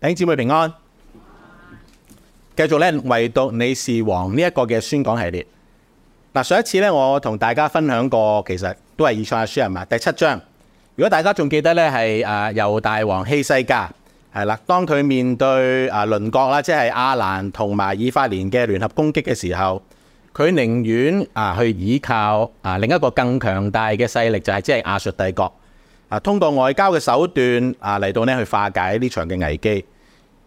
弟兄姊妹平安，繼續咧，唯獨你是王呢一個嘅宣講系列。嗱，上一次咧，我同大家分享過，其實都係以賽亞書人嘛，第七章。如果大家仲記得咧，係誒、啊、由大王希西家係啦，當佢面對啊鄰國啦，即係亞蘭同埋以法蓮嘅聯合攻擊嘅時候，佢寧願啊去倚靠啊另一個更強大嘅勢力，就係、是、即係亞述帝國。啊，通過外交嘅手段啊，嚟到去化解呢場嘅危機，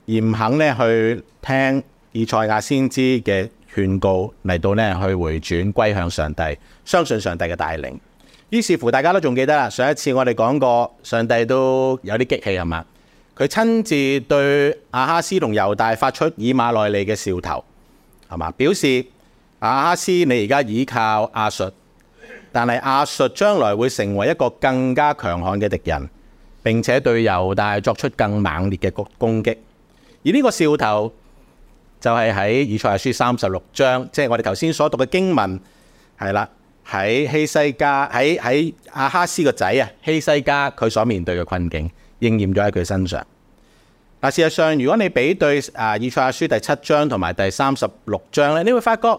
而唔肯去聽以賽亞先知嘅勸告，嚟到去回轉歸向上帝，相信上帝嘅帶領。於是乎，大家都仲記得啦，上一次我哋講過，上帝都有啲激氣係嘛？佢親自對亞哈斯同猶大發出以馬內利嘅兆頭係嘛？表示亞哈斯你而家依靠亞述。但係阿術將來會成為一個更加強悍嘅敵人，並且對猶大作出更猛烈嘅攻攻擊。而呢個兆頭就係喺以賽亞書三十六章，即係我哋頭先所讀嘅經文，係啦，喺希西家，喺喺阿哈斯個仔啊，希西家佢所面對嘅困境應驗咗喺佢身上。但事實上，如果你比對啊以賽亞書第七章同埋第三十六章咧，你會發覺。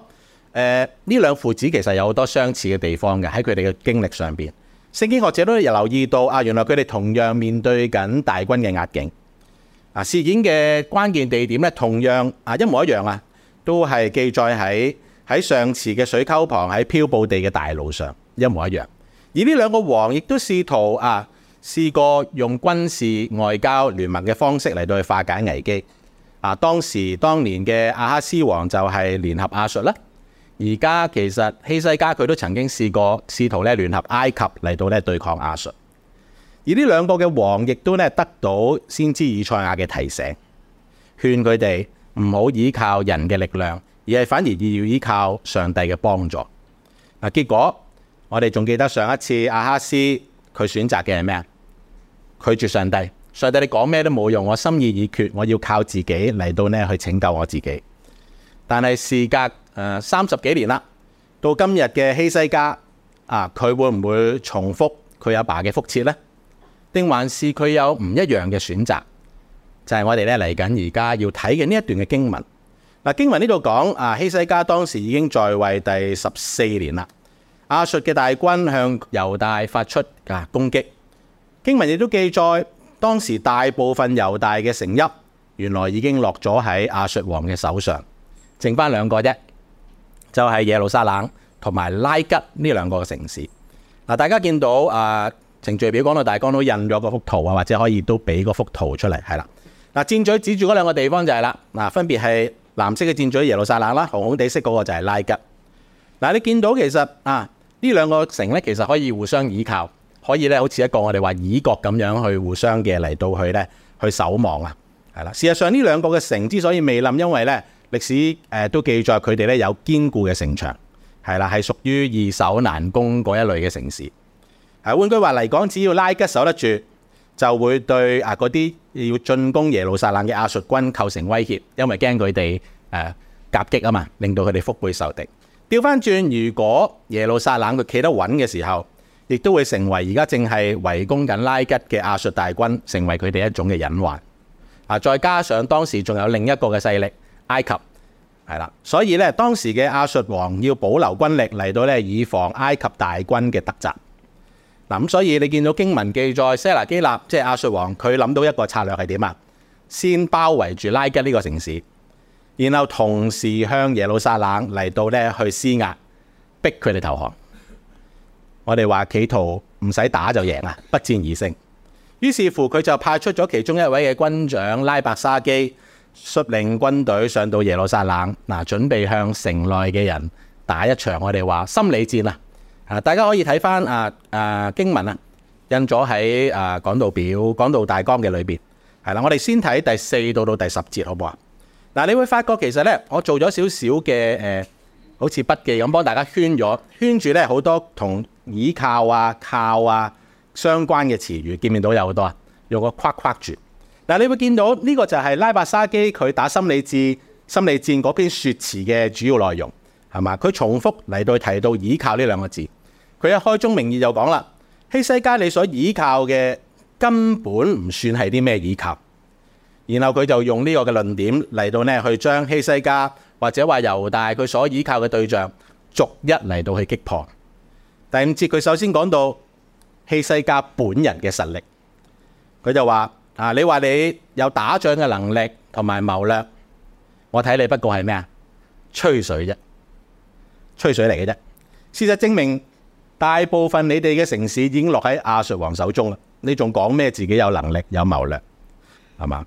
誒呢兩父子其實有好多相似嘅地方嘅，喺佢哋嘅經歷上面，聖經學者都有留意到啊。原來佢哋同樣面對緊大軍嘅壓境，啊事件嘅關鍵地點咧，同樣啊一模一樣啊，都係記載喺喺上池嘅水溝旁，喺漂布地嘅大路上，一模一樣。而呢兩個王亦都試圖啊試過用軍事外交聯盟嘅方式嚟到去化解危機。啊當時當年嘅亞哈斯王就係聯合亞述啦。而家其實希西家佢都曾經試過試圖咧聯合埃及嚟到咧對抗亞述，而呢兩個嘅王亦都咧得到先知以賽亞嘅提醒，勸佢哋唔好依靠人嘅力量，而係反而要依靠上帝嘅幫助。嗱，結果我哋仲記得上一次阿哈斯佢選擇嘅係咩啊？拒絕上帝，上帝你講咩都冇用，我心意已決，我要靠自己嚟到呢去拯救我自己。但係事隔三十幾年啦，到今日嘅希西家啊，佢會唔會重複佢阿爸嘅覆轍呢？定還是佢有唔一樣嘅選擇？就係、是、我哋咧嚟緊而家要睇嘅呢一段嘅經文。嗱，經文呢度講啊，希西家當時已經在位第十四年啦。亞述嘅大軍向猶大發出啊攻擊。經文亦都記載，當時大部分猶大嘅城邑，原來已經落咗喺亞述王嘅手上，剩翻兩個啫。就係、是、耶路撒冷同埋拉吉呢兩個城市。嗱，大家見到誒程序表講到大綱都印咗個幅圖啊，或者可以都俾個幅圖出嚟，係啦。嗱，箭嘴指住嗰兩個地方就係啦。嗱，分別係藍色嘅箭嘴耶路撒冷啦，紅紅地色嗰個就係拉吉。嗱，你見到其實啊，呢兩個城咧其實可以互相倚靠，可以咧好似一個我哋話爾角咁樣去互相嘅嚟到去咧去守望啊。係啦，事實上呢兩個嘅城之所以未冧，因為咧。歷史誒都記載佢哋咧有堅固嘅城牆，係啦，係屬於易守難攻嗰一類嘅城市。誒換句話嚟講，只要拉吉守得住，就會對啊嗰啲要進攻耶路撒冷嘅亞述軍構成威脅，因為驚佢哋誒夾擊啊嘛，令到佢哋腹背受敵。掉返轉，如果耶路撒冷佢企得穩嘅時候，亦都會成為而家正係圍攻緊拉吉嘅亞述大軍，成為佢哋一種嘅隱患。啊，再加上當時仲有另一個嘅勢力。埃及係啦，所以咧當時嘅亞述王要保留軍力嚟到咧，以防埃及大軍嘅突襲。嗱咁，所以你見到經文記載，西拿基納即係亞述王，佢諗到一個策略係點啊？先包圍住拉吉呢個城市，然後同時向耶路撒冷嚟到咧去施壓，逼佢哋投降。我哋話企圖唔使打就贏啊，不戰而勝。於是乎，佢就派出咗其中一位嘅軍長拉伯沙基。率領軍隊上到耶路撒冷，嗱，準備向城內嘅人打一場我，我哋話心理戰啊！啊，大家可以睇翻啊啊經文啊，印咗喺啊講道表、講道大綱嘅裏邊，係啦，我哋先睇第四到到第十節好唔好啊？嗱，啊，你會發覺其實咧，我做咗少少嘅誒，好似筆記咁，幫大家圈咗，圈住咧好多同倚靠啊、靠啊相關嘅詞語，見面到有好多，用個框框住。嗱，你會見到呢、這個就係拉伯沙基佢打心理戰、心理戰嗰篇説詞嘅主要內容係嘛？佢重複嚟到提到倚靠呢兩個字。佢一開宗明義就講啦：希西家，你所倚靠嘅根本唔算係啲咩倚靠。然後佢就用呢個嘅論點嚟到呢去將希西家，或者話猶大佢所倚靠嘅對象逐一嚟到去擊破。第五節佢首先講到希西家本人嘅實力，佢就話。你話你有打仗嘅能力同埋謀略，我睇你不過係咩啊？吹水啫，吹水嚟嘅啫。事實證明，大部分你哋嘅城市已經落喺亞述王手中啦。你仲講咩？自己有能力有謀略，係嘛？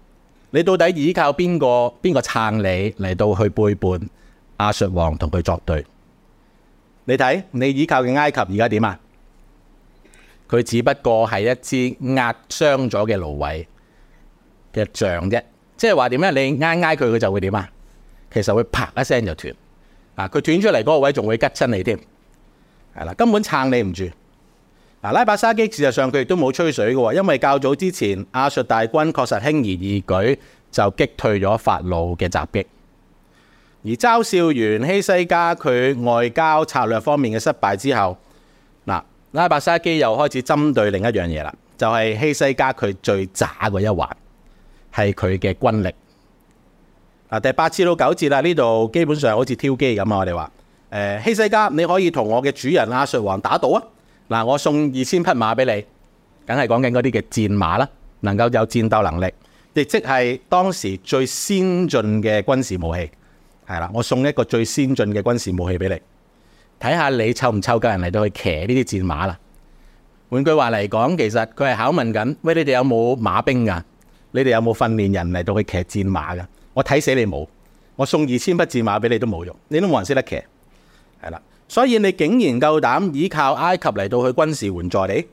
你到底依靠邊個？邊個撐你嚟到去背叛亞述王同佢作對？你睇，你依靠嘅埃及而家點啊？佢只不過係一支壓傷咗嘅蘆葦。嘅象啫，即係話點樣？你挨挨佢，佢就會點啊？其實會啪一聲就斷啊！佢斷出嚟嗰個位仲會吉親你添，係啦，根本撐你唔住啊！拉伯沙基事實上佢亦都冇吹水嘅，因為較早之前亞述大軍確實輕而易舉就擊退咗法老嘅襲擊，而嘲笑完希西家佢外交策略方面嘅失敗之後，嗱、啊、拉伯沙基又開始針對另一樣嘢啦，就係、是、希西家佢最渣嗰一環。係佢嘅軍力。嗱，第八節到九節啦，呢度基本上好似挑機咁啊！我哋話，誒、哎、希西家，你可以同我嘅主人亞述王打賭啊！嗱，我送二千匹馬俾你，梗係講緊嗰啲嘅戰馬啦，能夠有戰鬥能力，亦即係當時最先進嘅軍事武器。係啦，我送一個最先進嘅軍事武器俾你，睇下你湊唔湊夠人嚟到去騎呢啲戰馬啦。換句話嚟講，其實佢係考問緊，喂，你哋有冇馬兵噶、啊？你哋有冇訓練人嚟到去騎戰馬噶？我睇死你冇！我送二千匹戰馬俾你都冇用，你都冇人識得騎，係啦。所以你竟然夠膽依靠埃及嚟到去軍事援助你，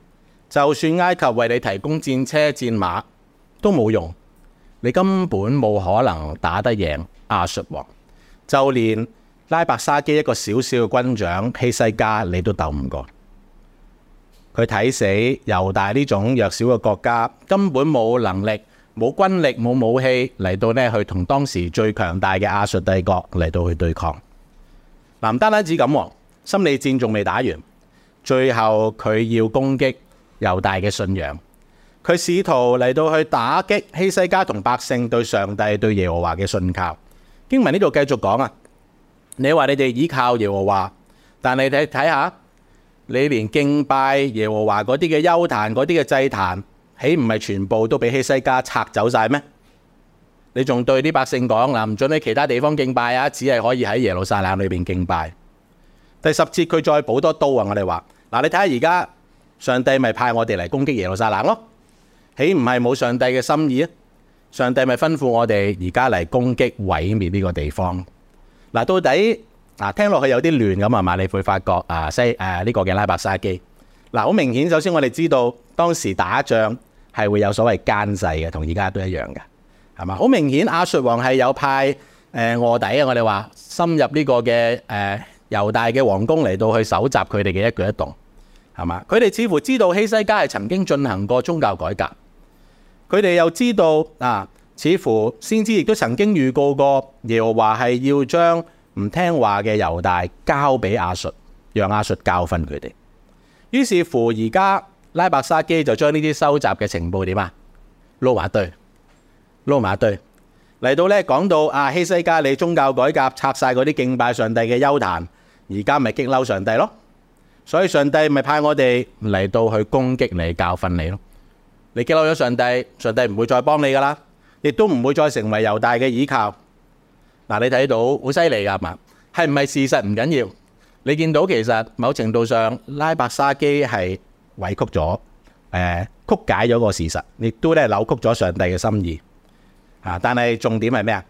就算埃及為你提供戰車、戰馬都冇用，你根本冇可能打得贏亞述王。就連拉伯沙基一個小小嘅軍長，希西家你都鬥唔過。佢睇死猶大呢種弱小嘅國家，根本冇能力。冇軍力冇武器嚟到呢，去同當時最強大嘅亞述帝國嚟到去對抗。唔單單止咁，心理戰仲未打完，最後佢要攻擊猶大嘅信仰，佢試圖嚟到去打擊希西家同百姓對上帝對耶和華嘅信靠。經文呢度繼續講啊，你話你哋依靠耶和華，但係你睇睇下，你連敬拜耶和華嗰啲嘅丘壇嗰啲嘅祭壇，豈唔係全部都俾希西家拆走晒咩？你仲對啲百姓講嗱，唔准喺其他地方敬拜啊，只係可以喺耶路撒冷裏邊敬拜。第十節佢再補多刀啊！我哋話嗱，你睇下而家上帝咪派我哋嚟攻擊耶路撒冷咯？豈唔係冇上帝嘅心意啊？上帝咪吩咐我哋而家嚟攻擊毀滅呢個地方嗱、啊？到底嗱、啊、聽落去有啲亂咁啊嘛？你會發覺啊西誒呢、啊這個嘅拉伯沙基嗱，好、啊、明顯首先我哋知道當時打仗。係會有所謂奸細嘅，同而家都一樣嘅，係嘛？好明顯，亞述王係有派誒呃、臥底啊！我哋話深入呢個嘅誒猶大嘅皇宮嚟到去搜集佢哋嘅一舉一動，係嘛？佢哋似乎知道希西家係曾經進行過宗教改革，佢哋又知道啊，似乎先知亦都曾經預告過耶和華係要將唔聽話嘅猶大交俾亞述，讓亞述教訓佢哋。於是乎，而家。拉伯沙基就將呢啲收集嘅情報點啊，撈埋一堆，撈埋一堆嚟到呢，講到啊，希西家你宗教改革拆晒嗰啲敬拜上帝嘅丘壇，而家咪激嬲上帝咯，所以上帝咪派我哋嚟到去攻擊你，教訓你咯。你激嬲咗上帝，上帝唔會再幫你噶啦，亦都唔會再成為猶大嘅倚靠。嗱，你睇到好犀利噶，係嘛？係唔係事實唔緊要，你見到其實某程度上拉伯沙基係。委屈咗，誒，曲解咗個事實，亦都咧扭曲咗上帝嘅心意。啊，但係重點係咩啊？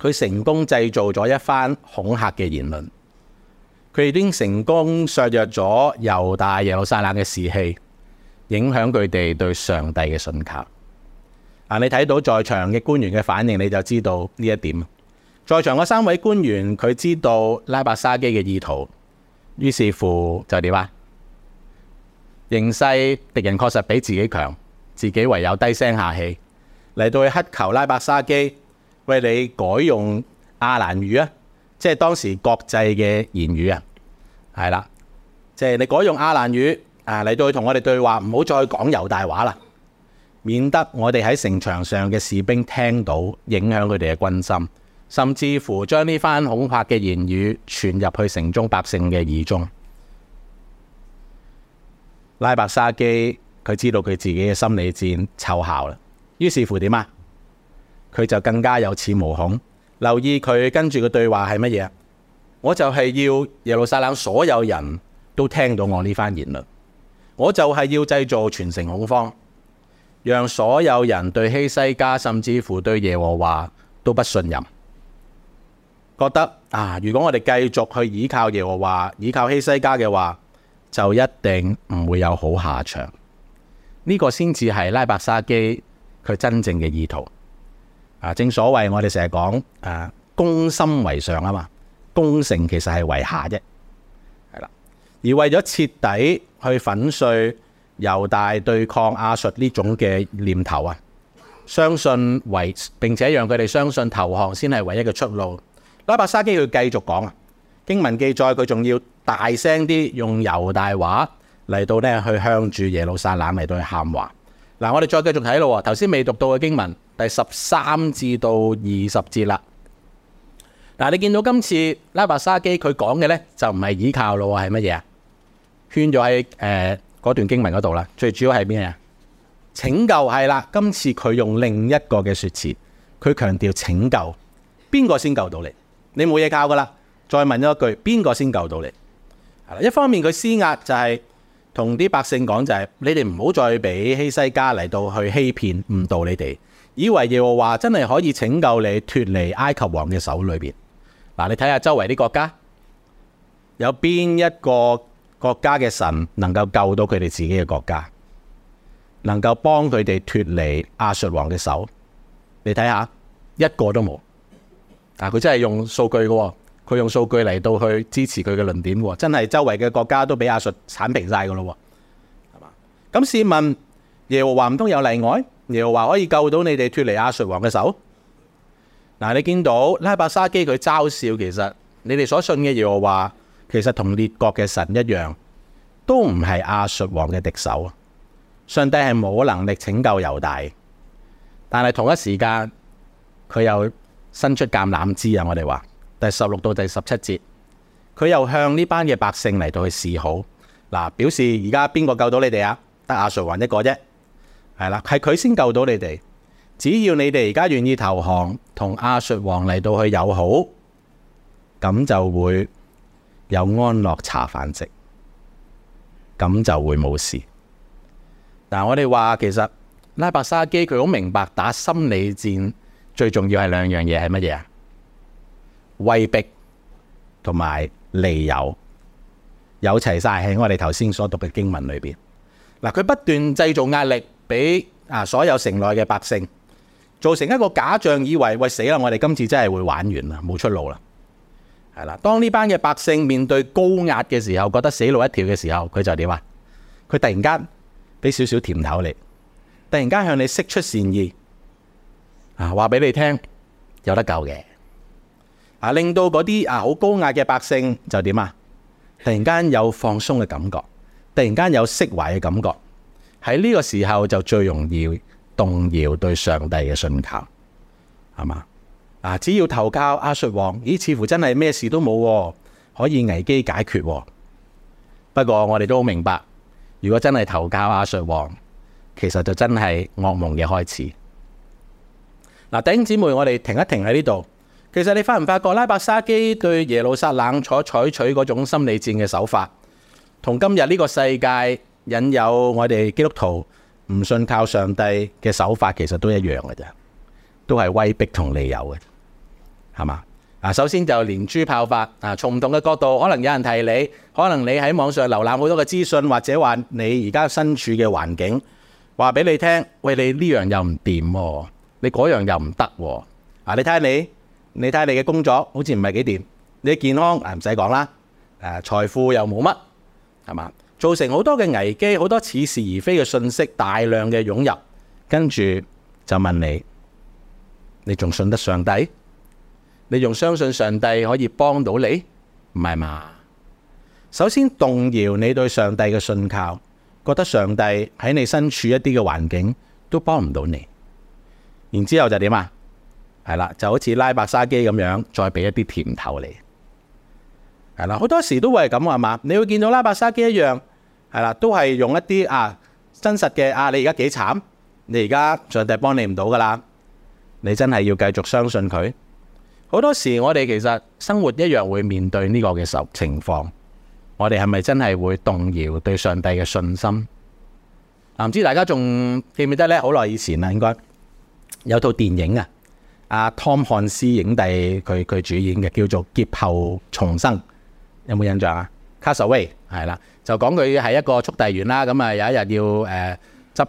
佢成功製造咗一番恐嚇嘅言論，佢已經成功削弱咗猶大、耶路撒冷嘅士氣，影響佢哋對上帝嘅信靠。啊，你睇到在場嘅官員嘅反應，你就知道呢一點。在場嘅三位官員，佢知道拉伯沙基嘅意圖，於是乎就點啊？形勢敵人確實比自己強，自己唯有低聲下氣嚟到去乞求拉伯沙基，喂你改用亞蘭語啊，即係當時國際嘅言語啊，係啦，即係你改用亞蘭語啊嚟到同我哋對話，唔好再講猶大話啦，免得我哋喺城牆上嘅士兵聽到，影響佢哋嘅軍心，甚至乎將呢番恐嚇嘅言語傳入去城中百姓嘅耳中。拉伯沙基，佢知道佢自己嘅心理戰湊效啦，於是乎點啊？佢就更加有恃無恐。留意佢跟住嘅對話係乜嘢啊？我就係要耶路撒冷所有人都聽到我呢番言論，我就係要製造全城恐慌，讓所有人對希西家甚至乎對耶和華都不信任，覺得啊，如果我哋繼續去倚靠耶和華、倚靠希西家嘅話，就一定唔會有好下場，呢個先至係拉伯沙基佢真正嘅意圖。啊，正所謂我哋成日講啊，攻心為上啊嘛，攻城其實係為下啫。係啦，而為咗徹底去粉碎猶大對抗亞述呢種嘅念頭啊，相信為並且讓佢哋相信投降先係唯一嘅出路。拉伯沙基佢繼續講啊，經文記載佢仲要。大聲啲，用猶大話嚟到呢去向住耶路撒冷嚟到去喊話。嗱，我哋再繼續睇啦。頭先未讀到嘅經文，第十三至到二十節啦。嗱，你見到今次拉伯沙基佢講嘅呢，就唔係倚靠啦，係乜嘢啊？圈咗喺嗰段經文嗰度啦。最主要係咩啊？拯救係啦。今次佢用另一個嘅説詞，佢強調拯救，邊個先救到你？你冇嘢教噶啦。再問一句，邊個先救到你？一方面佢施壓就係同啲百姓講就係，你哋唔好再俾希西家嚟到去欺騙誤導你哋，以為耶和華真係可以拯救你脱離埃及王嘅手裏邊。嗱，你睇下周圍啲國家，有邊一個國家嘅神能夠救到佢哋自己嘅國家，能夠幫佢哋脱離亞述王嘅手？你睇下一個都冇。嗱、啊，佢真係用數據嘅喎。佢用數據嚟到去支持佢嘅論點喎，真係周圍嘅國家都俾亞述剷平曬噶咯喎，係嘛？咁試問，耶和華唔通有例外？耶和華可以救到你哋脱離亞述王嘅手？嗱，你見到拉伯沙基佢嘲笑其實你哋所信嘅耶和華，其實同列國嘅神一樣，都唔係亞述王嘅敵手啊！上帝係冇能力拯救猶大，但係同一時間佢又伸出橄欖枝啊！我哋話。第十六到第十七節，佢又向呢班嘅百姓嚟到去示好，嗱、呃，表示而家邊個救到你哋啊？得亞述王一個啫，係啦，係佢先救到你哋。只要你哋而家願意投降，同亞述王嚟到去友好，咁就會有安樂茶飯食，咁就會冇事。嗱，我哋話其實拉伯沙基佢好明白打心理戰，最重要係兩樣嘢，係乜嘢啊？威逼同埋利誘，有齊晒，喺我哋頭先所讀嘅經文裏邊。嗱，佢不斷製造壓力俾啊所有城內嘅百姓，造成一個假象，以為喂，死啦！我哋今次真係會玩完啦，冇出路啦。係啦，當呢班嘅百姓面對高壓嘅時候，覺得死路一條嘅時候，佢就點啊？佢突然間俾少少甜頭你，突然間向你釋出善意啊，話俾你聽有得救嘅。啊！令到嗰啲啊好高壓嘅百姓就點啊？突然間有放鬆嘅感覺，突然間有釋懷嘅感覺，喺呢個時候就最容易動搖對上帝嘅信靠，係嘛？啊！只要投靠亞述王，咦？似乎真係咩事都冇，可以危機解決。不過我哋都好明白，如果真係投靠亞述王，其實就真係噩夢嘅開始。嗱，弟兄姊妹，我哋停一停喺呢度。其實你有有發唔發覺，拉伯沙基對耶路撒冷所採取嗰種心理戰嘅手法，同今日呢個世界引誘我哋基督徒唔信靠上帝嘅手法，其實都一樣嘅咋，都係威逼同利誘嘅，係嘛？啊，首先就連珠炮法啊，從唔同嘅角度，可能有人提你，可能你喺網上瀏覽好多嘅資訊，或者話你而家身處嘅環境，話俾你聽，喂，你呢樣又唔掂，你嗰樣又唔得，啊，你睇下，啊，你，你。你睇，你嘅工作好似唔係幾掂，你嘅健康啊唔使講啦，誒，財富又冇乜，係嘛？造成好多嘅危機，好多似是而非嘅信息，大量嘅湧入，跟住就問你，你仲信得上帝？你仲相信上帝可以幫到你？唔係嘛？首先動搖你對上帝嘅信靠，覺得上帝喺你身處一啲嘅環境都幫唔到你，然之後就點啊？係啦，就好似拉白沙基咁樣，再俾一啲甜頭你。係啦，好多時都會係咁啊嘛。你會見到拉白沙基一樣，係啦，都係用一啲啊真實嘅啊。你而家幾慘，你而家上帝幫你唔到噶啦，你真係要繼續相信佢。好多時我哋其實生活一樣會面對呢個嘅情況，我哋係咪真係會動搖對上帝嘅信心？啊，唔知大家仲記唔記得呢？好耐以前啦，應該有套電影啊。阿 Tom 漢斯影帝，佢佢主演嘅叫做《劫後重生》，有冇印象啊？Cast Away 係啦，就講佢係一個速遞員啦，咁啊有一日要誒執、呃、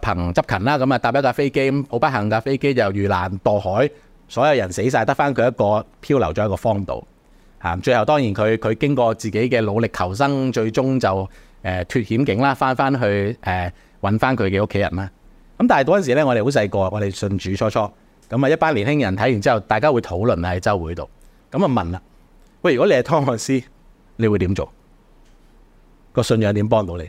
行執勤啦，咁啊搭一架飛機，好不幸架飛機就遇難墮海，所有人死晒，得翻佢一個漂流咗一個荒島。吓、啊，最後當然佢佢經過自己嘅努力求生，最終就誒脱險境啦，翻、呃、翻去誒搵翻佢嘅屋企人啦。咁但係嗰陣時咧，我哋好細個，我哋信主初初。咁啊，一班年輕人睇完之後，大家會，在會討論喺周會度。咁啊問啦，喂，如果你係湯漢斯，你會點做？個信仰點幫到你？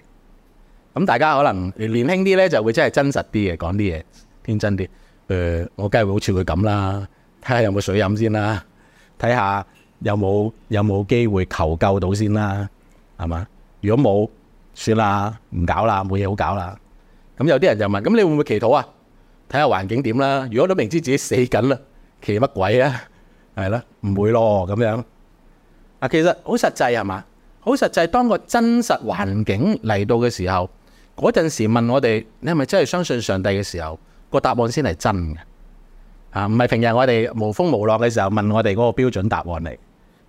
咁大家可能年輕啲咧，就會真係真實啲嘅，講啲嘢，天真啲。誒、呃，我梗係會好似佢咁啦，睇下有冇水飲先啦，啊，睇下有冇有冇機會求救到先啦，啊，係嘛？如果冇，算啦，唔搞啦，冇嘢好搞啦。咁有啲人就問，咁你會唔會祈禱啊？睇下環境點啦，如果都明知自己死緊啦，奇乜鬼啊？係咯，唔會咯咁樣。啊，其實好實際係嘛？好實際，當個真實環境嚟到嘅時候，嗰陣時問我哋，你係咪真係相信上帝嘅時候，個答案先係真嘅。啊，唔係平日我哋無風無浪嘅時候問我哋嗰個標準答案嚟。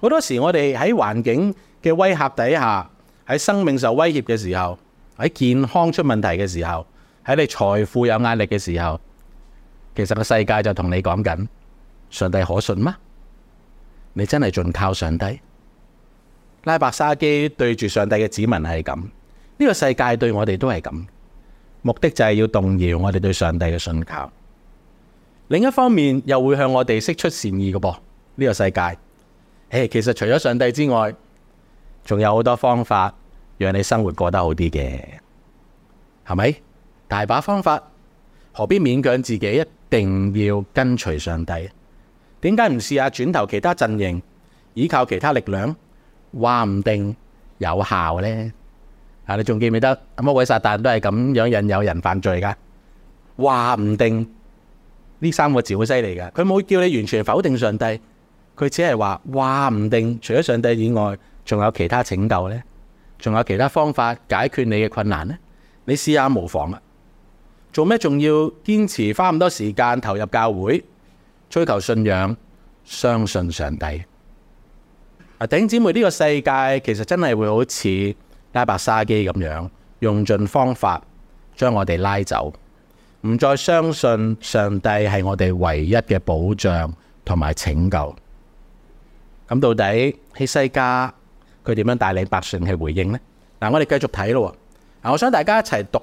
好多時我哋喺環境嘅威嚇底下，喺生命受威脅嘅時候，喺健康出問題嘅時候，喺你財富有壓力嘅時候。其實個世界就同你講緊，上帝可信嗎？你真係盡靠上帝？拉伯沙基對住上帝嘅子民係咁，呢個世界對我哋都係咁，目的就係要動搖我哋對上帝嘅信靠。另一方面又會向我哋釋出善意嘅噃，呢個世界，誒，其實除咗上帝之外，仲有好多方法讓你生活過得好啲嘅，係咪？大把方法。何必勉強自己一定要跟隨上帝？點解唔試下轉頭其他陣營，依靠其他力量，話唔定有效呢？啊，你仲記唔記得阿魔鬼撒旦都係咁樣引誘人犯罪噶？話唔定呢三個字好犀利噶。佢冇叫你完全否定上帝，佢只係話話唔定除咗上帝以外，仲有其他拯救呢？仲有其他方法解決你嘅困難呢？你試下無妨啊！做咩仲要堅持花咁多時間投入教會，追求信仰，相信上帝？弟兄姊妹呢、這個世界其實真係會好似拉伯沙基咁樣，用盡方法將我哋拉走，唔再相信上帝係我哋唯一嘅保障同埋拯救。咁到底希西家佢點樣帶領百姓去回應呢？嗱，我哋繼續睇咯。嗱，我想大家一齊讀。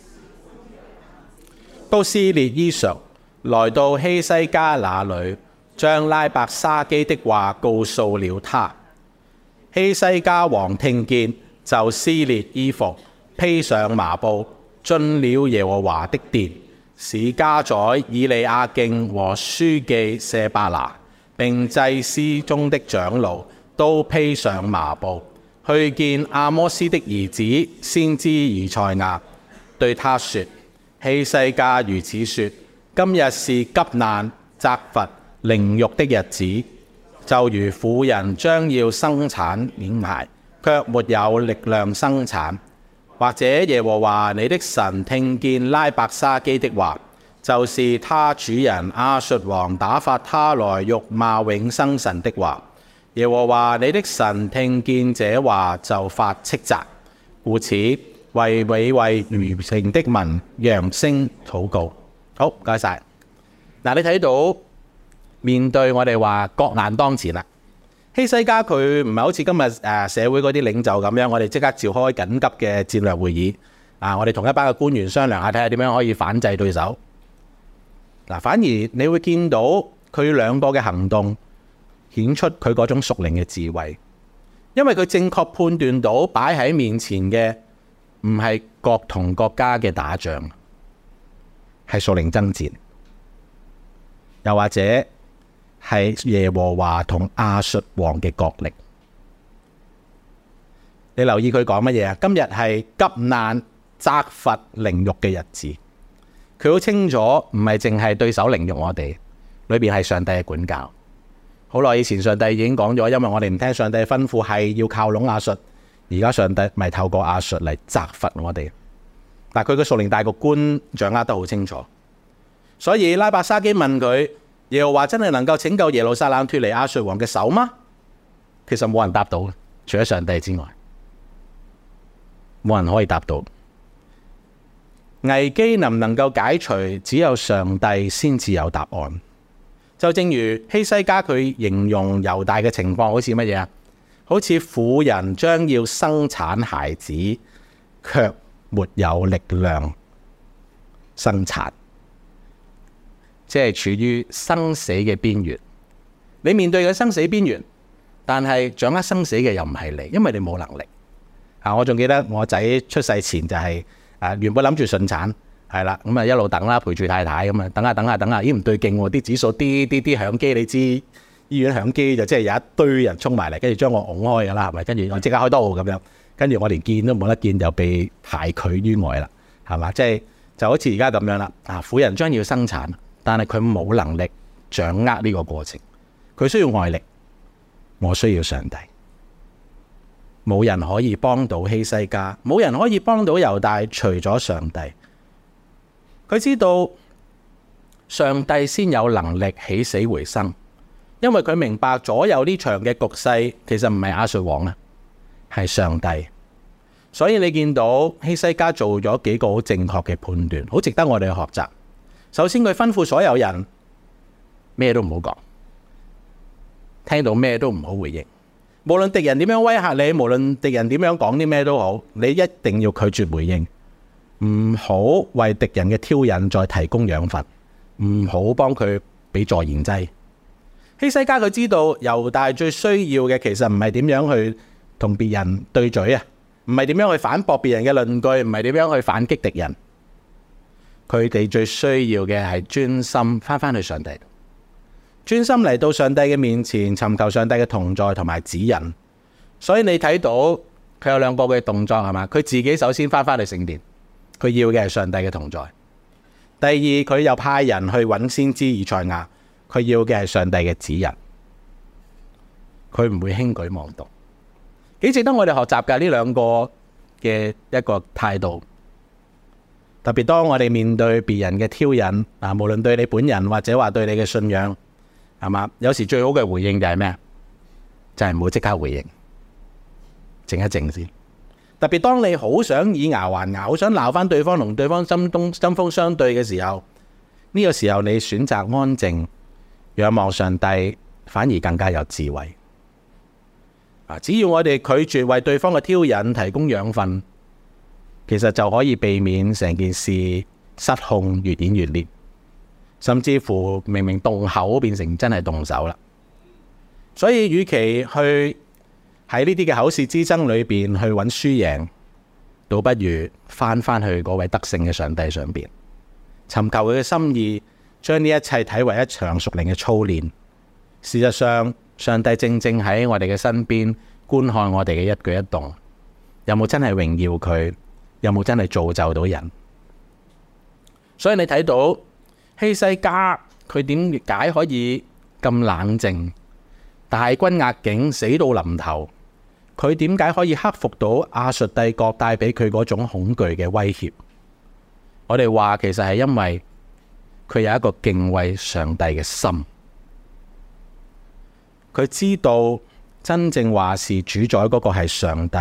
都撕裂衣裳，來到希西家那裏，將拉伯沙基的話告訴了他。希西家王聽見，就撕裂衣服，披上麻布，進了耶和華的殿，使家宰、以利亞敬和書記舍伯那，並祭司中的長老都披上麻布，去見阿摩斯的兒子先知以賽亞，對他說。希西家如此說，今日是急難、責罰、凌辱的日子，就如婦人將要生產嬰孩，却沒有力量生產。或者耶和華你的神聽見拉白沙基的話，就是他主人亞述王打發他來辱罵永生神的話。耶和華你的神聽見這話就發斥責，故此。為每位愚誠的民揚聲禱告。好，唔該晒。嗱，你睇到面對我哋話國難當前啦，希西家佢唔係好似今日呃社會嗰啲領袖咁樣，我哋即刻召開緊急嘅戰略會議。啊，我哋同一班嘅官員商量下，睇下點樣可以反制對手。嗱，反而你會見到佢兩個嘅行動，顯出佢嗰種熟練嘅智慧，因為佢正確判斷到擺喺面前嘅。唔係國同國家嘅打仗，係屬靈爭戰，又或者係耶和華同亞述王嘅角力。你留意佢講乜嘢啊？今日係急難、責罰、凌辱嘅日子，佢好清楚，唔係淨係對手凌辱我哋，裏邊係上帝嘅管教。好耐以前，上帝已經講咗，因為我哋唔聽上帝嘅吩咐，係要靠攏亞述。而家上帝咪透過亞述嚟責罰我哋，但佢嘅數年大局觀掌握得好清楚，所以拉伯沙基問佢：耶和華真係能夠拯救耶路撒冷脱離亞述王嘅手嗎？其實冇人答到，除咗上帝之外，冇人可以答到。危機能唔能夠解除，只有上帝先至有答案。就正如希西家佢形容猶大嘅情況好，好似乜嘢啊？好似婦人將要生產孩子，卻沒有力量生產，即係處於生死嘅邊緣。你面對嘅生死邊緣，但係掌握生死嘅又唔係你，因為你冇能力。啊，我仲記得我仔出世前就係、是、啊，原本諗住順產，係啦，咁啊一路等啦，陪住太太咁啊，等下、啊、等下等下，咦唔對勁、啊，啲指數啲啲啲響機，你知。醫院響機就即係有一堆人衝埋嚟，跟住將我擁開噶啦，係咪？跟住我即刻開刀咁樣，跟住我連見都冇得見，就被排拒於外啦，係嘛？即係就好似而家咁樣啦。啊，婦人將要生產，但係佢冇能力掌握呢個過程，佢需要外力，我需要上帝，冇人可以幫到希西家，冇人可以幫到猶大，除咗上帝。佢知道上帝先有能力起死回生。因為佢明白左右呢場嘅局勢，其實唔係亞述王啦，係上帝。所以你見到希西家做咗幾個好正確嘅判斷，好值得我哋去學習。首先佢吩咐所有人咩都唔好講，聽到咩都唔好回應。無論敵人點樣威嚇你，無論敵人點樣講啲咩都好，你一定要拒絕回應。唔好為敵人嘅挑釁再提供養分，唔好幫佢俾助燃劑。希西家佢知道猶大最需要嘅，其實唔係點樣去同別人對嘴啊，唔係點樣去反駁別人嘅論據，唔係點樣去反擊敵人。佢哋最需要嘅係專心翻翻去上帝，專心嚟到上帝嘅面前，尋求上帝嘅同在同埋指引。所以你睇到佢有兩個嘅動作係嘛？佢自己首先翻翻去聖殿，佢要嘅係上帝嘅同在。第二，佢又派人去揾先知以賽亞。佢要嘅係上帝嘅指引，佢唔會輕舉妄動，幾值得我哋學習噶呢兩個嘅一個態度。特別當我哋面對別人嘅挑釁，啊，無論對你本人或者話對你嘅信仰，係嘛？有時最好嘅回應就係咩？就係唔好即刻回應，靜一靜先。特別當你好想以牙還牙，好想鬧翻對方，同對方針東針鋒相對嘅時候，呢個時候你選擇安靜。仰望上帝，反而更加有智慧。啊！只要我哋拒絕為對方嘅挑釁提供養分，其實就可以避免成件事失控，越演越烈，甚至乎明明動口變成真係動手啦。所以，與其去喺呢啲嘅口舌之爭裏邊去揾輸贏倒不如翻翻去嗰位得勝嘅上帝上邊，尋求佢嘅心意。將呢一切睇為一場屬靈嘅操練。事實上，上帝正正喺我哋嘅身邊觀看我哋嘅一舉一動，有冇真係榮耀佢？有冇真係造就到人？所以你睇到希西家佢點解可以咁冷靜？大軍壓境，死到臨頭，佢點解可以克服到亞述帝國帶俾佢嗰種恐懼嘅威脅？我哋話其實係因為。佢有一個敬畏上帝嘅心，佢知道真正話事主宰嗰個係上帝，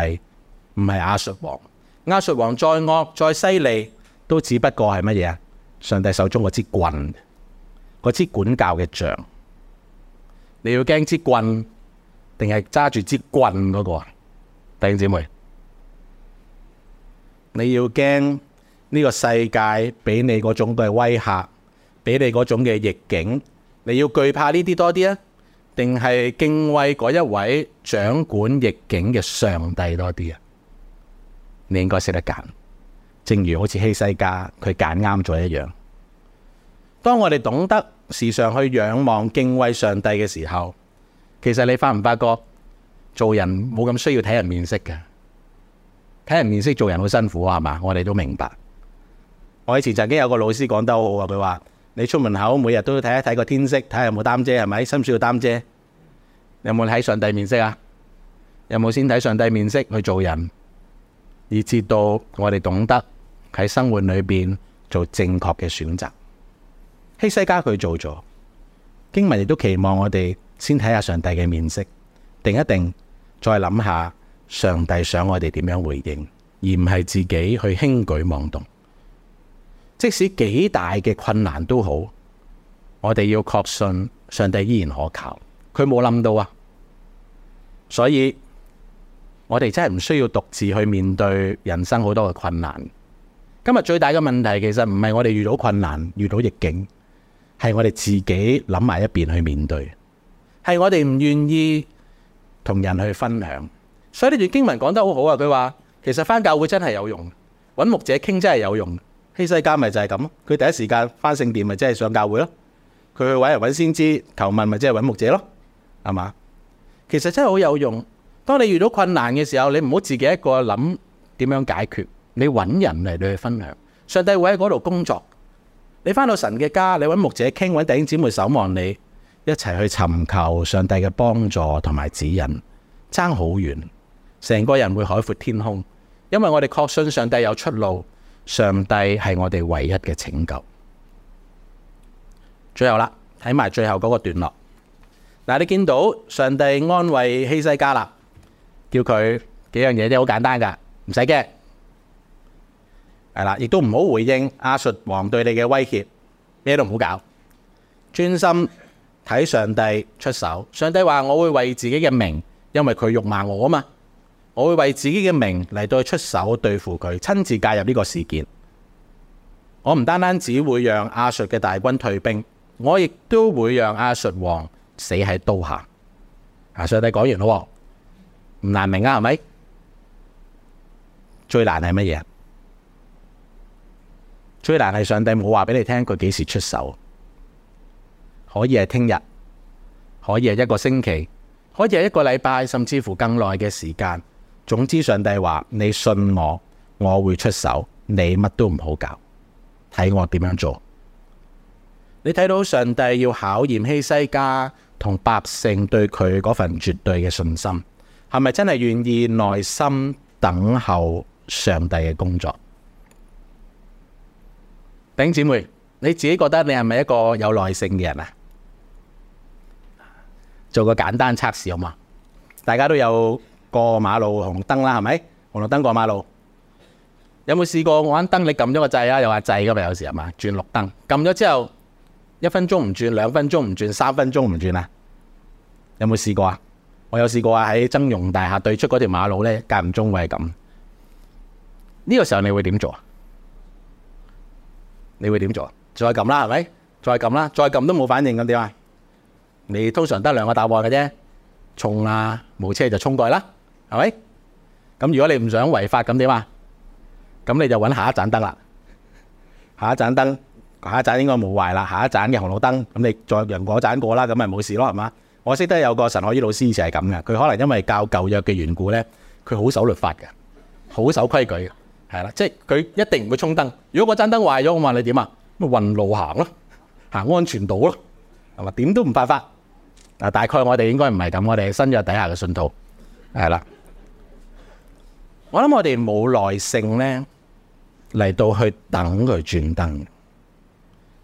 唔係亞述王。亞述王再惡再犀利，都只不過係乜嘢啊？上帝手中嗰支棍，嗰支管教嘅杖。你要驚支棍，定係揸住支棍嗰、那個啊？弟兄姊妹，你要驚呢個世界俾你嗰種對威嚇，俾你嗰種嘅逆境，你要懼怕呢啲多啲啊，定係敬畏嗰一位掌管逆境嘅上帝多啲啊？你應該識得揀，正如好似希西家佢揀啱咗一樣。當我哋懂得時常去仰望敬畏上帝嘅時候，其實你有有發唔發覺做人冇咁需要睇人面色㗎，睇人面色做人好辛苦啊？係嘛，我哋都明白。我以前曾經有個老師講得好好啊，佢話。你出門口每日都睇一睇個天色，睇下有冇擔遮，係咪？心需要擔遮，有冇睇上帝面色啊？有冇先睇上帝面色去做人？以至到我哋懂得喺生活裏邊做正確嘅選擇。希西家佢做咗，經文亦都期望我哋先睇下上帝嘅面色，定一定再諗下上帝想我哋點樣回應，而唔係自己去輕舉妄動。即使幾大嘅困難都好，我哋要確信上帝依然可靠。佢冇諗到啊，所以我哋真係唔需要獨自去面對人生好多嘅困難。今日最大嘅問題其實唔係我哋遇到困難、遇到逆境，係我哋自己諗埋一邊去面對，係我哋唔願意同人去分享。所以呢段經文講得好好啊！佢話其實返教會真係有用，搵牧者傾真係有用。希西家咪就係咁咯，佢第一時間翻聖殿咪即係上教會咯，佢去搵人搵先知求問咪即係搵牧者咯，係嘛？其實真係好有用。當你遇到困難嘅時候，你唔好自己一個諗點樣解決，你搵人嚟對佢分享。上帝會喺嗰度工作。你翻到神嘅家，你搵牧者傾，搵弟兄姊妹守望你，一齊去尋求上帝嘅幫助同埋指引，差好遠，成個人會海闊天空。因為我哋確信上帝有出路。上帝係我哋唯一嘅拯救。最後啦，睇埋最後嗰個段落。嗱，你見到上帝安慰希西家啦，叫佢幾樣嘢都好簡單㗎，唔使驚。係啦，亦都唔好回應亞述王對你嘅威脅，咩都唔好搞，專心睇上帝出手。上帝話：我會為自己嘅名，因為佢辱罵我啊嘛。我會為自己嘅名嚟到出手對付佢，親自介入呢個事件。我唔單單只會讓亞述嘅大軍退兵，我亦都會讓亞述王死喺刀下。啊，上帝講完咯，唔、哦、難明啊，係咪？最難係乜嘢？最難係上帝冇話俾你聽佢幾時出手，可以係聽日，可以係一個星期，可以係一個禮拜，甚至乎更耐嘅時間。總之，上帝話：你信我，我會出手，你乜都唔好搞，睇我點樣做。你睇到上帝要考驗希西家同百姓對佢嗰份絕對嘅信心，係咪真係願意耐心等候上帝嘅工作？頂姐妹，你自己覺得你係咪一個有耐性嘅人啊？做個簡單測試好嘛？大家都有。過馬路紅燈啦，係咪？紅綠燈過馬路，有冇試過我按燈？你撳咗個掣啊，又話掣咁咪？是是有時係嘛？轉綠燈，撳咗之後，一分鐘唔轉，兩分鐘唔轉，三分鐘唔轉啊？有冇試過啊？我有試過啊！喺增容大廈對出嗰條馬路咧，間唔中會係咁。呢個時候你會點做啊？你會點做啊？再撳啦，係咪？再撳啦，再撳都冇反應咁點啊？你通常得兩個答案嘅啫，衝啊，冇車就衝過去啦。係咪？咁如果你唔想違法，咁點啊？咁你就揾下一盞燈啦，下一盞燈，下一盞應該冇壞啦。下一盞嘅紅綠燈，咁你再讓過一盞過啦，咁咪冇事咯，係嘛？我識得有個神學院老師，以前係咁嘅。佢可能因為教舊約嘅緣故咧，佢好守律法嘅，好守規矩嘅，係啦。即係佢一定唔會衝燈。如果嗰盞燈壞咗，我問你點啊？咁運路行咯，行安全島咯，係嘛？點都唔犯法。啊，大概我哋應該唔係咁。我哋新約底下嘅信徒，係啦。我諗我哋冇耐性呢，嚟到去等佢轉燈，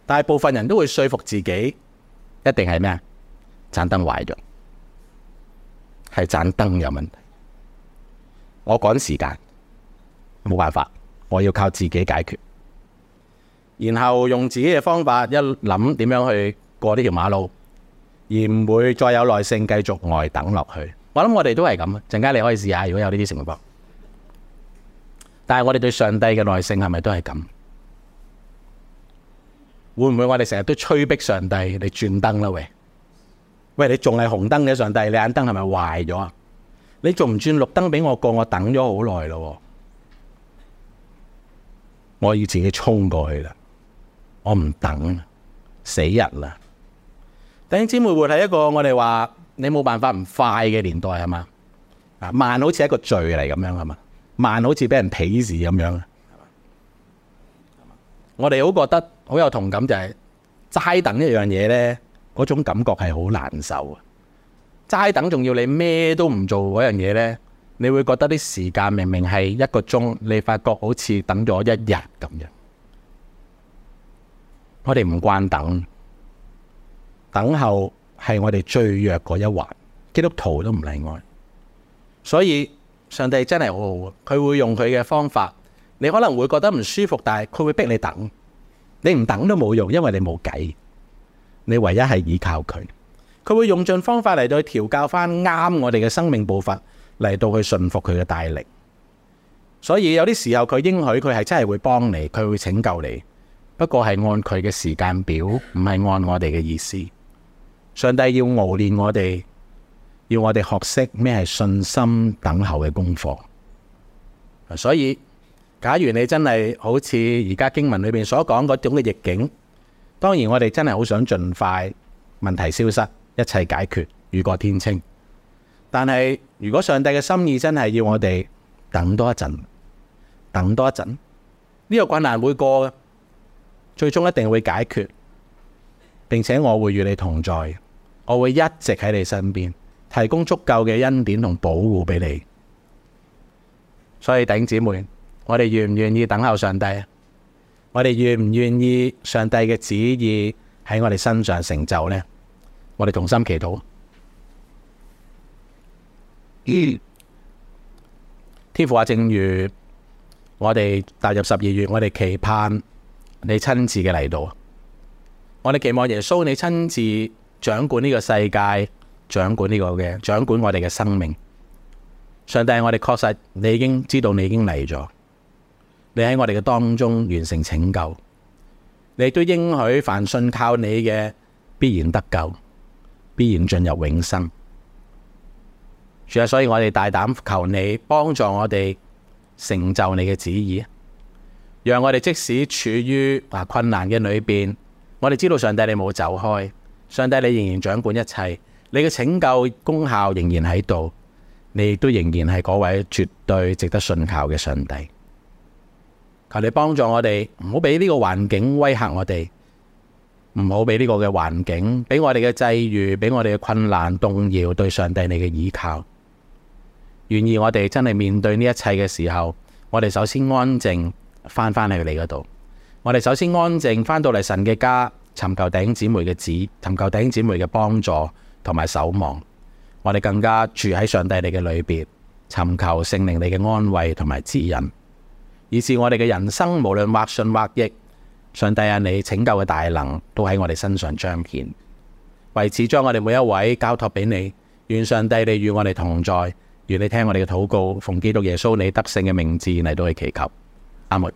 大部分人都會說服自己，一定係咩盞燈壞咗，係盞燈有問題。我趕時間，冇辦法，我要靠自己解決，然後用自己嘅方法一諗點樣去過呢條馬路，而唔會再有耐性繼續外等落去。我諗我哋都係咁，陣間你可以試下，如果有呢啲情況。但係我哋對上帝嘅耐性係咪都係咁？會唔會我哋成日都催逼上帝，你轉燈啦？喂，喂，你仲係紅燈嘅上帝，你眼燈係咪壞咗啊？你仲唔轉綠燈俾我過？我等咗好耐咯，我要自己衝過去啦！我唔等，死人啦！弟兄姊妹會係一個我哋話你冇辦法唔快嘅年代係嘛？啊，慢好似係一個罪嚟咁樣，係嘛？慢好似俾人鄙視咁樣，我哋好覺得好有同感，就係齋等一樣嘢呢，嗰種感覺係好難受啊！齋等仲要你咩都唔做嗰樣嘢呢，你會覺得啲時間明明係一個鐘，你發覺好似等咗一日咁樣。我哋唔慣等，等候係我哋最弱嗰一環，基督徒都唔例外，所以。上帝真係好好，佢會用佢嘅方法，你可能會覺得唔舒服，但係佢會逼你等。你唔等都冇用，因為你冇計。你唯一係依靠佢，佢會用盡方法嚟到調教翻啱我哋嘅生命步伐，嚟到去順服佢嘅帶領。所以有啲時候佢應許，佢係真係會幫你，佢會拯救你。不過係按佢嘅時間表，唔係按我哋嘅意思。上帝要熬練我哋。要我哋學識咩係信心等候嘅功課，所以假如你真係好似而家經文裏面所講嗰種嘅逆境，當然我哋真係好想盡快問題消失，一切解決雨過天晴。但係如果上帝嘅心意真係要我哋等多一陣，等多一陣，呢個困難會過嘅，最終一定會解決，並且我會與你同在，我會一直喺你身邊。提供足夠嘅恩典同保護俾你，所以弟兄姊妹，我哋願唔願意等候上帝？我哋願唔願意上帝嘅旨意喺我哋身上成就呢？我哋同心祈禱。嗯，天父啊，正如我哋踏入十二月，我哋期盼你親自嘅嚟到，我哋期望耶穌你親自掌管呢個世界。掌管呢個嘅，掌管我哋嘅生命。上帝，我哋確實，你已經知道你已經嚟咗，你喺我哋嘅當中完成拯救，你都應許凡信靠你嘅必然得救，必然進入永生。所以我哋大膽求你幫助我哋成就你嘅旨意，讓我哋即使處於困難嘅裏邊，我哋知道上帝你冇走開，上帝你仍然掌管一切。你嘅拯救功效仍然喺度，你亦都仍然係嗰位絕對值得信靠嘅上帝。求你幫助我哋，唔好俾呢個環境威嚇我哋，唔好俾呢個嘅環境，俾我哋嘅際遇，俾我哋嘅困難動搖對上帝你嘅依靠。願意我哋真係面對呢一切嘅時候，我哋首先安靜翻返去你嗰度，我哋首先安靜翻到嚟神嘅家，尋求弟兄姊妹嘅指，尋求弟兄姊妹嘅幫助。同埋守望，我哋更加住喺上帝你嘅裏邊，尋求聖靈你嘅安慰同埋指引，以至我哋嘅人生無論或順或逆，上帝啊，你拯救嘅大能都喺我哋身上彰顯。為此，將我哋每一位交託俾你，願上帝你與我哋同在，願你聽我哋嘅禱告，奉基督耶穌你得勝嘅名字嚟到去祈求。阿門。